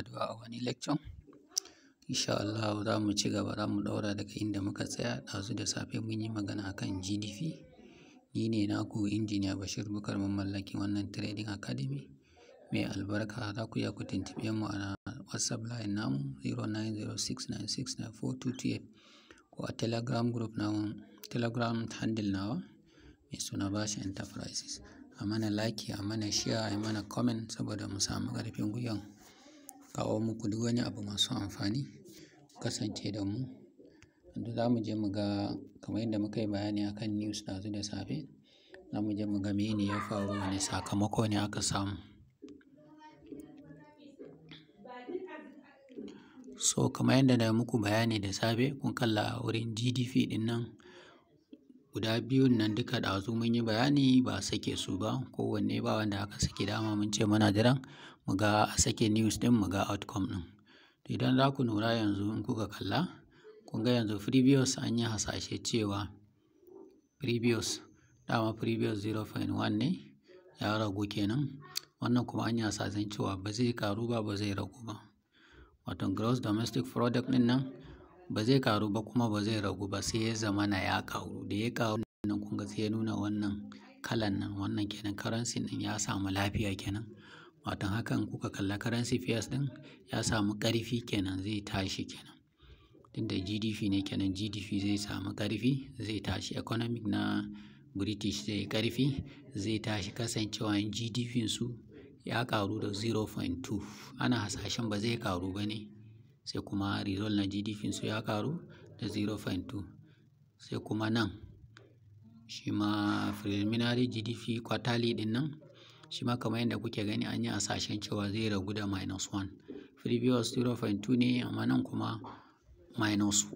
addu'a a wani lecture. Insha Allah za mu ci gaba, za mu ɗaura daga inda muka tsaya ɗazu da safe mun yi magana a kan GDP. Ni ne naku Injiniya Bashir Bukar mamallakin wannan Trading Academy. Mai albarka za ku iya ku tuntuɓe mu a WhatsApp line namu 0906969428 ko a Telegram group namu Telegram handle nawa mai suna Bashi Enterprises. A mana like, a mana share, a mana comment saboda mu samu ƙarfin gwiwa kawo muku duk wani abu masu amfani. Kasance da mu, yanzu za mu je mu ga kamar yadda muka yi bayani a kan news ɗazu da safe. Za mu je mu ga mene ya faru, wani sakamako ne aka samu. So kamar yadda na muku bayani da safe, kun kalla a wurin GDP din nan Guda biyun nan duka ɗazu mun yi bayani ba a sake su ba, kowanne ba wanda aka sake dama mun ce muna jiran mu ga a sake news din mu ga outcome din. To idan za ku lura yanzu in kuka kalla, kun ga yanzu previous an yi hasashe cewa previous dama previous 0.1 ne ya ragu kenan. Wannan kuma an yi hasashen cewa ba zai karu ba ba zai ragu ba. Wato gross domestic product din nan ba zai ƙaru ba kuma ba zai ragu ba sai ya zama na ya karu da ya ƙaru nan kun sai ya nuna wannan kalan nan wannan kenan currency din ya samu lafiya kenan wato hakan kuka kalla currency pairs din ya samu karfi kenan zai tashi kenan tunda GDP ne kenan GDP zai samu ƙarfi zai tashi economic na British zai ƙarfi zai tashi kasancewa GDP su ya ƙaru da 0.2 ana hasashen ba zai karu ba ne sai kuma result na GDP su ya karu da 0.2 sai kuma nan shi ma preliminary GDP quarterly din nan shi ma kamar yadda kuke gani an yi asashen cewa zai ragu da minus 1 previous 0.2 ne amma nan kuma minus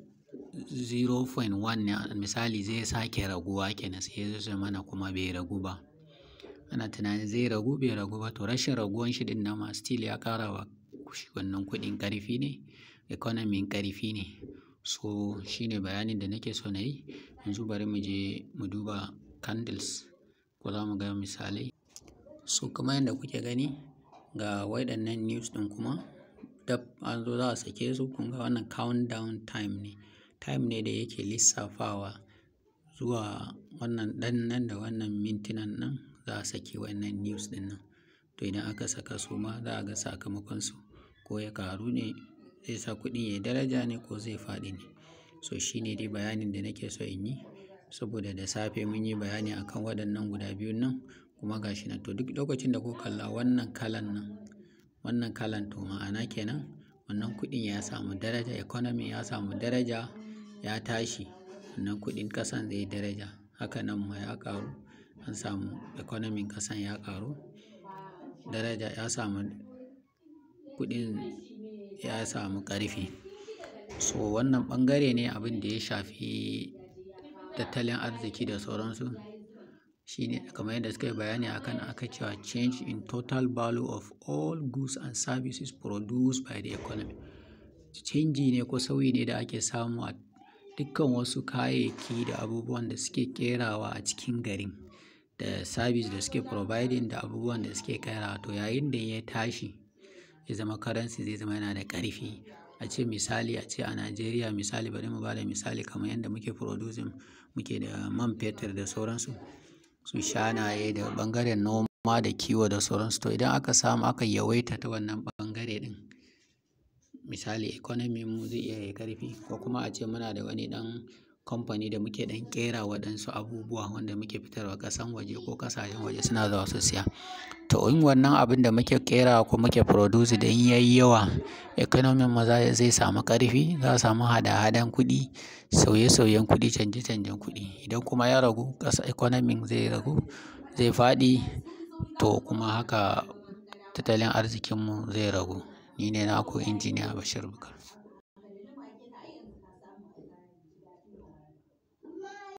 0.1 misali zai sake raguwa kenan sai ya zai mana kuma bai ragu ba ana tunanin zai ragu bai ragu ba to rashin raguwan shi din nan ma still ya kara wa shi wannan kuɗin ƙarfi ne economy ƙarfi ne so shine bayanin da nake so na yi yanzu bari mu je mu duba candles ko za mu ga misalai so kamar yadda kuke gani ga waɗannan news ɗin kuma dab an zo za a sake su kun ga wannan countdown time ne time ne da yake lissafawa zuwa wannan ɗan nan da wannan mintunan nan za a saki wannan news ɗin nan to idan aka saka su ma za a ga sakamakonsu ko ya ƙaru ne zai sa kuɗin yayi daraja ne ko zai faɗi ne. So shi ne dai bayanin da nake so in yi saboda da safe mun yi bayani akan waɗannan guda biyun nan kuma ga shi nan to duk lokacin da kuka kalla wannan kalan nan wannan kalan to ma'ana kenan wannan kuɗin ya samu daraja economy ya samu daraja ya tashi wannan kuɗin ƙasan zai daraja haka nan ma ya ƙaru an samu economy ƙasan ya ƙaru daraja ya samu kuɗin ya samu ƙarfi. So wannan ɓangare ne abin da ya shafi tattalin arziki da sauransu. Shi ne kamar yadda suka yi bayani akan aka cewa change in total value of all goods and services produced by the economy. Canji ne ko sauyi ne da ake samu a dukkan wasu kayayyaki da abubuwan da suke ƙerawa a cikin garin, da service da suke providing da abubuwan da suke ƙerawa. To yayin da ya tashi ya zama currency zai zama yana da ƙarfi a ce misali a ce a Najeriya misali bari mu bada misali kamar yadda muke producing muke da man fetur da sauransu su shanaye da bangaren noma da kiwo da sauransu to idan aka samu aka yawaita ta wannan bangare din misali economy mu zai iya yi ƙarfi ko kuma a ce muna da wani dan kamfani da muke dan kera waɗansu abubuwa wanda muke fitarwa ƙasan waje ko ƙasashen waje suna zuwa su siya to in wannan abin da muke kera ko muke produce da ya yayi yawa economy mu zai samu karfi za a samu hada-hadan kuɗi sauye-sauyen kuɗi canje-canjen kuɗi idan kuma ya ragu ƙasa economy zai ragu zai faɗi to kuma haka tattalin arzikinmu zai ragu ni ne naku injiniya Bashir Bukar